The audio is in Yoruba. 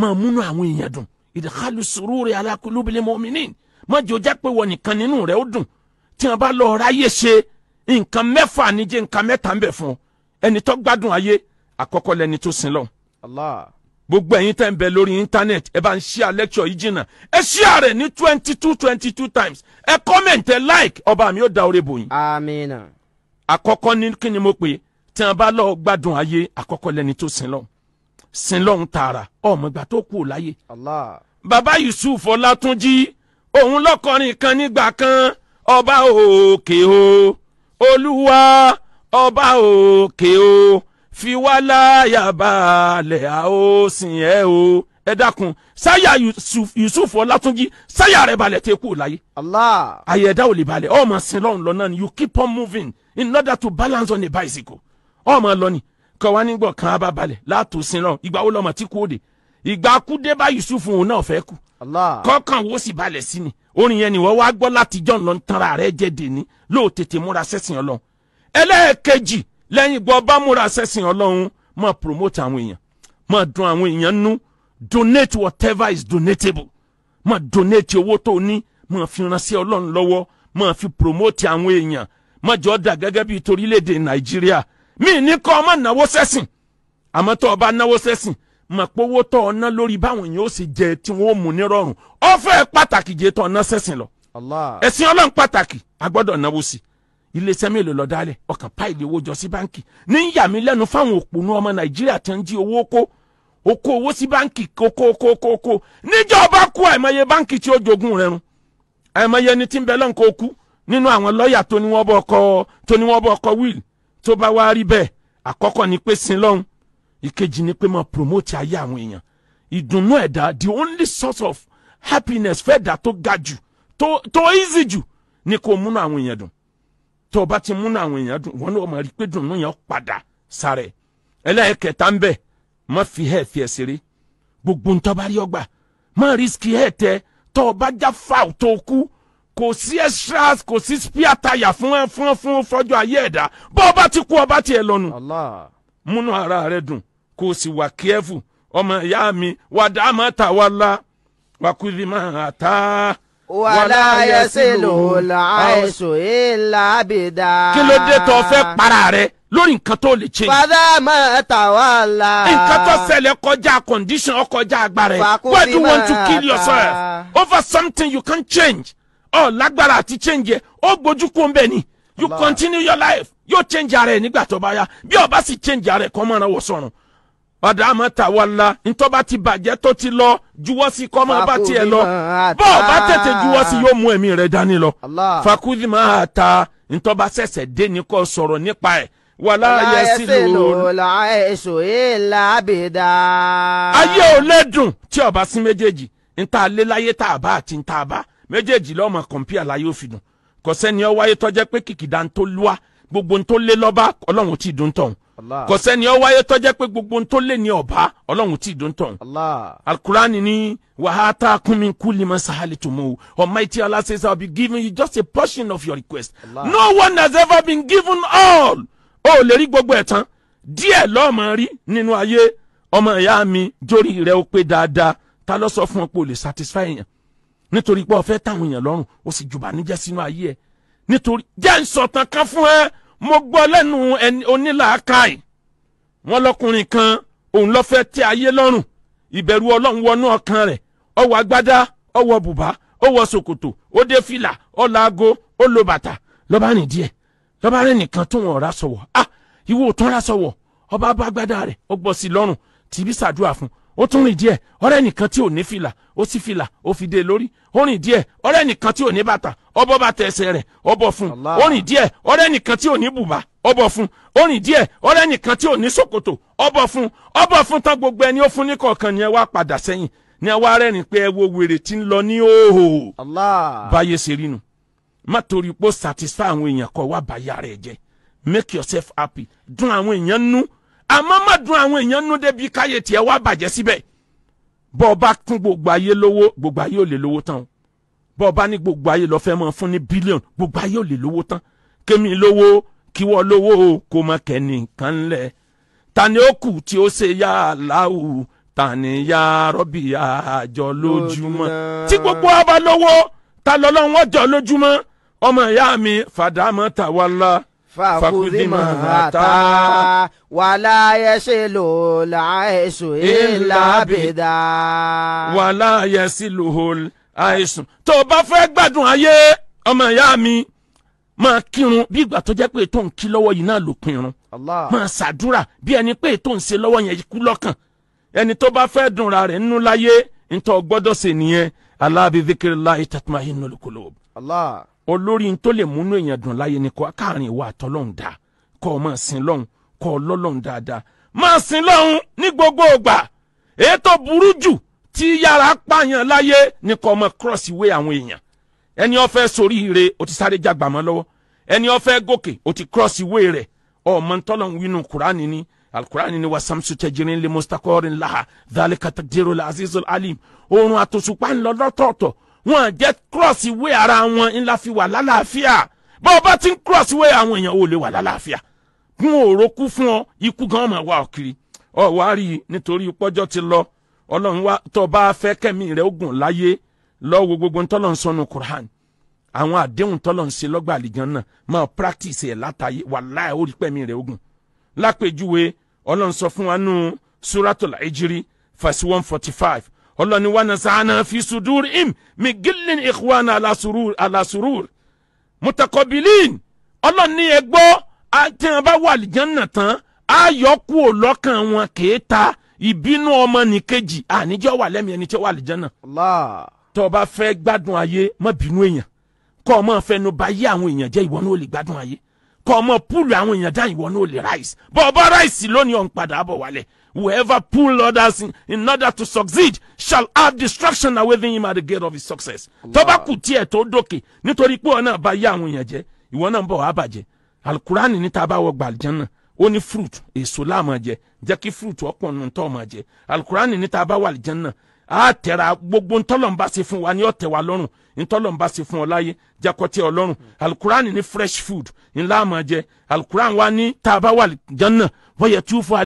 máa múnú àwọn èèyàn dùn ìdíkàlù sururi ala qulubil mu'minin má jẹ́ ó jẹ́ pé wọ́n nìkan nínú rẹ̀ ó dùn tí wọ́n bá lọ ráyè ṣe nǹkan mẹ́fà níjẹ́ nǹkan mẹ́ta ń bẹ fún ẹni tó gbádùn ayé àkọ́kọ́ lẹni tó sin lọ. Allah gbogbo ẹ̀yin tẹ́ ń bẹ lórí íńtánẹ́ẹ̀tì ẹ bá ń share lecture yìí jìnnà ẹ share rẹ̀ ní twenty two twenty two times ẹ comment ẹ like ọba mi ó da oore bò yín. àmín. àkọ́kọ́ ní kí ni mo pè tí wọ́n bá lọ gbádùn ayé àkọ́kọ́ lẹni tó sin lọ sin lọ́hún tààrà ọmọgbà tó kú láyé. bàbá Yusuf Ọlátúnjí òun lọ́kọrin kan nígbà kan ọba òkè o olúwa ọba òkè o fi wá láyà balẹ̀ a ó sìn ẹ́ o ẹ dákun sáyà Yusuf Ọlátúnjí sáyà rẹ̀ balẹ̀ tẹ́ kú láyé. ayé ẹ̀dá ò lè balẹ̀ ọmọ sin lọ́hún lọ ni you keep on moving in order to balance on a bicycle ọmọ lọ ni kọ́ wá nígbọ̀ kan á bá balẹ̀ látòsí náà ìgbà wo lọ́mọ tí kú òde ìgbà kú dé bá Yusuf òun náà fẹ́ kú kọ́kàn wo sì balẹ̀ sí ni orin yẹn ni wọ́n wá gbọ́ láti jọ̀ lọ tanra rẹ̀ jẹ́ dèní lóò tètè múra sẹ́sìn Ọlọ́run ẹlẹ́ẹ̀kejì lẹ́yìn gbọ́ bá múra sẹ́sìn Ọlọ́run máa promote àwọn èèyàn máa dun àwọn èèyàn nú donate whatever is donatable máa donate owó tó ní máa fi ránṣẹ́ Ọlọ́run lọ́wọ́ máa fi promote àwọn èèyàn máa jọ dà gẹ́gẹ́ bíi torílẹ̀-èdè Nàìjíríà mi ní kọ́ ọmọ náwó sẹ́sìn àmọ́ tó o bá náwó sẹ́sìn mà owó tó o ná lórí báwọn yìí ó sì jẹ tí wọ́n mú nírọ̀rùn ó fẹ́ pàtàkì jẹ tó o ná sẹ́sìn lọ. ẹ̀sìn ọlọ́run pàtàkì a gbọ́dọ̀ náwó sí i iléeṣẹ́ mélòó lọ dálẹ̀ ọkàn páìlì owó jọ sí báǹkì ní nàìjíríà tó ń jí tó bá wá rí bẹ́ẹ̀ àkọ́kọ́ ni pé sin lọ́hùn ìkejì ni pé máa promote ayé àwọn èèyàn ìdùnnú ẹ̀dá the only source of happiness fẹ́ẹ̀dá tó ga jù tó easy jù ni kò múnú àwọn èèyàn dùn ti múnú àwọn èèyàn dùn wọn náà máa rí i pé dùnnú yẹn padà sára ẹlẹ́ẹ̀kẹta ń bẹ̀ fi hẹ́ẹ̀ fi gbogbo ń tọ́ bá rí ọgbà má hẹ́ẹ̀ kò sí extra kò sí spia taya fún fún fún fọjọ́ ayé ẹ̀dá bó ọba ti kú ọba tiẹ̀ lọ́nu. Allah. múnú ara rẹ dùn kó o sì wà kíẹ́fù ọmọ ìyá mi wà dá má ta wà la wà kú ibi má ta. wàlá yẹsẹ ló la àìsàn ìlà àbẹ̀dá. kí ló dé tó fẹ́ para rẹ lórí nǹkan tó lè change. fàdà má ta wà la. nǹkan tó ṣẹlẹ̀ kọjá condition ọkọjá agbára ẹ̀ why do you want to kill yourself over something you can change. ọ lágbára àti change ọ ó gbójú ń bẹ ni you continue your life yóò change ara ẹ nígbà tó bá yá bí ó bá sì change ara ẹ kọ́ mọ́ra wọ̀ sọ̀rùn ọ̀dà àmọ́ ta wà la ntọ́ba ti bàjẹ́ tó ti lọ juwọ́ sí kọ́mọ́ bá tiẹ̀ lọ bọ́ ọ bá tètè juwọ́ sí yóò mú ẹ̀mí rẹ̀ dání lọ fakudi máa ta ntọ́ba ṣẹ̀ṣẹ̀ dé ní kò sọ̀rọ̀ nípa ẹ̀ wàlá ayẹsí lòlá èso ìlà àbèdà. ayé ò lẹ́dùn tí ọba sí méjèèjì ntà lé àti ntà méjèèjì lọ́mọ kọ̀ǹpìà láyé òfin dùn kò sẹ́ni ọ wáyé tọ́jẹ́ pé kìkìdá ń tó lúwa gbogbo ń tó lé lọ́ba ọlọ́run ti dùn tọ̀hún kò sẹ́ni ọ wáyé tọ́jẹ́ pé gbogbo ń tó lé ní ọ̀bá ọlọ́run ti dùn tọ̀hún. alukurani ni wàhátà kúnmi kúlì mọ sahali tòmó Almighty Allah says I will be giving you just a portion of your request no one has ever been given all o lè rí gbogbo ẹ̀ tán díẹ̀ lọ́ọ̀mọ rí nínú ayé ọmọ ìyá mi jórí rẹ̀ ó pé dáadáa ta ló sọ fún ọ pé o lè satisfy yẹn nítorí pé o fẹ́ táwọn èèyàn lọ́rùn ó sì jù bànújẹ́ sínú ayé ẹ nítorí jẹ́ ìsọ̀tàn kan fún ẹ mo gbọ́ lẹ́nu ẹni onílàákàyè wọn lọkùnrin kan òun lọ fẹ́ tẹ́ ayé lọ́rùn ìbẹ̀rù ọlọ́run wọnú ọkàn rẹ̀ ó wọ agbádá ó wọ bùbá ó wọ ṣòkòtò fìlà ó la bàtà lọ́ba rìn díẹ̀ lọ́ba rẹ̀ nìkan tó wọn ọ̀rá sọ̀wọ̀ ah ìwọ ò tán ra sọ̀wọ̀ ọba bá agbádá rẹ̀ ó gbọ́ sí lọ́rùn tìbí ṣàdúrà fún un ó tún rìn díẹ̀ ọ̀rẹ́ nìkan tí ò ní fìlà ó sì fìlà ó fi dé lórí ó rìn díẹ̀ ọ̀rẹ́ nìkan tí ò ní bàtà ọbọ̀ bàtà ẹsẹ̀ rẹ̀ ọbọ̀ fún ó rìn díẹ̀ ọ̀rẹ́ nìkan tí ò ní bùbá ọbọ̀ fún ó rìn díẹ̀ ọ̀rẹ́ nìkan tí ò ní ṣòkòtò ọbọ̀ fún ọbọ̀ fún tán gbogbo ẹni ó fún ní kọ̀ọ̀kan ni ẹ wá padà sẹ́yìn ni ẹ wá rẹ́rìn pé ẹ wo wèrè tí ń lọ ní òhò báyé ṣe rí nu má torí pé ó satisfy àwọn èèyàn kọ wá bàyà rẹ̀ jẹ́ make yourself happy dùn àwọn èèyàn nú àmọ́ má dùn àwọn èèyàn nú débi káyé tiẹ̀ wá bàjẹ́ síbẹ̀ bọ́ ọ bá kún gbogbo ayé lówó gbogbo ayé ò lè lówó tán o bọ́ ọ bá ní gbogbo ayé lọ́ọ́ fẹ́ mọ́ fún ní bílíọ̀nù gbogbo ayé ò lè lówó tán kémi lówó kíwọ́ lówó o kò mọ kẹ́nìkan lẹ̀ ta ni ó kù tí ó ṣe yá aláwù ta ni yá rọ́bì àjọ lójúmọ́ tí gbogbo ọba ta lọ́lọ́ wọn jọ lójúmọ́ ọmọ ìyá mi fàdámọ́ tàwa فخذمها تا ولا يصل العيش إلا بدا ولا يصله العيش tó o bá fẹ́ gbádùn ayé ọmọ ìyá mi máa kírun bí ìgbà tó jẹ́ pé tó ń kí lọ́wọ́ yìí náà ló pinrun máa ṣàdúrà bí ẹni pé tó ń ṣe lọ́wọ́ yẹn kú lọ́kàn ẹni tó bá fẹ́ dùnra rẹ̀ nínú láyé ń tọ́ gbọ́dọ̀ ṣe nìyẹn Allah bi dhikrillahi tatma'innul qulub. Allah olórí tó lè múnú èèyàn dùn láyé ni kò káàrin ìwà àtọ́lọ́hún dáa kọ́ ọ máa sin lọ́hún kọ́ ọ lọ́lọ́hún dáadáa máa sin lọ́hún ní gbogbo ìgbà ètò burú jù tí yàrá pààyàn láyé ni kọ́ ọ máa cross àwọn èèyàn ẹni ó sórí ire o ti sáré jágbà mọ́ lọ́wọ́ ẹni ó gòkè o ti cross ìwé rẹ̀ ọmọ ntọ́lọ́hún wínú kúránì ni alukurani ni wasamsu tẹjirin le laha dhalika takdiru la azizul alim oorun àtòṣùpá ńlọ lọ́tọ̀ọ̀tọ̀ wọn jẹ́ cross ìwé ara wọn ńlá fi wà lálàáfíà bá ọba ti ń cross ìwé àwọn èèyàn ò lè wà lálàáfíà wọn ò rokú fún ọ ikú gan máa wá ọ kiri ọ wá rí i nítorí pọ́jọ́ ti lọ ọlọ́run wa tó bá fẹ́ kẹ́mi rẹ̀ ogun láyé lọ́wọ́ gbogbo ntọ́lọ́ ń Qur'an àwọn àdéhùn tọ́lọ̀ ń ṣe lọ́gbà àlìgán náà máa practice ẹ̀ látàyè wàláhì ó rí pẹ̀mí rẹ̀ ogun lápèjúwe ọlọ́run sọ fún wa nù Suratul Hijri verse one forty five ọlọ́ni wa nasana fi sudurim mi gilin ikhwana ala surur ala surur mutakabilin ọlọ́ni ẹ gbọ́ tí wọn bá wà àlìjánná tán á yọ kúrò lọ́kàn wọn kéèta ìbínú ọmọ nìkejì àníjọ́ wà lẹ́mìí ẹni tí ó wà àlìjánná. tó o bá fẹ́ gbádùn ayé má bínú èèyàn kọ́ ọ mọ́ fẹnu bá yé àwọn èèyàn jẹ́ ìwọ ní o lè gbádùn ayé kọ́ ọ púùlù àwọn èèyàn dá ìwọ ní o lè ráìsì bọ́ ọ ráìsì lónìí ọ̀ padà bọ̀ wálẹ̀ Whoever pull others in, in order to succeed shall have destruction awaiting him at the gate of his success. Tó bá kù tiẹ̀ tó dókè nítorí pé ọ̀nà bá yá àwọn èèyàn jẹ́ ìwọ náà ń bọ̀ wá bàjẹ́. Alukurani níta bá wọ gbàlìjẹ́ náà ó ní fruit èso láàmú jẹ jẹ́ kí fruit ọ̀pọ̀ nù tọ́ ọmọ jẹ. ni níta bá wà lìjẹ́ náà á tẹ̀ra gbogbo ntọ́lọ́mbà ṣe fún wa ní ọ̀tẹ̀ wa lọ́rùn ntọ́lọ́mbà ṣe fún ọ láyé jakọ́tẹ́ ọlọ́run hmm. Alukurani ní fresh food ńlá àmọ́ jẹ Alukurani wa ní tá a bá wà lìjẹ́ náà wọ́n yẹ tí ó fọ́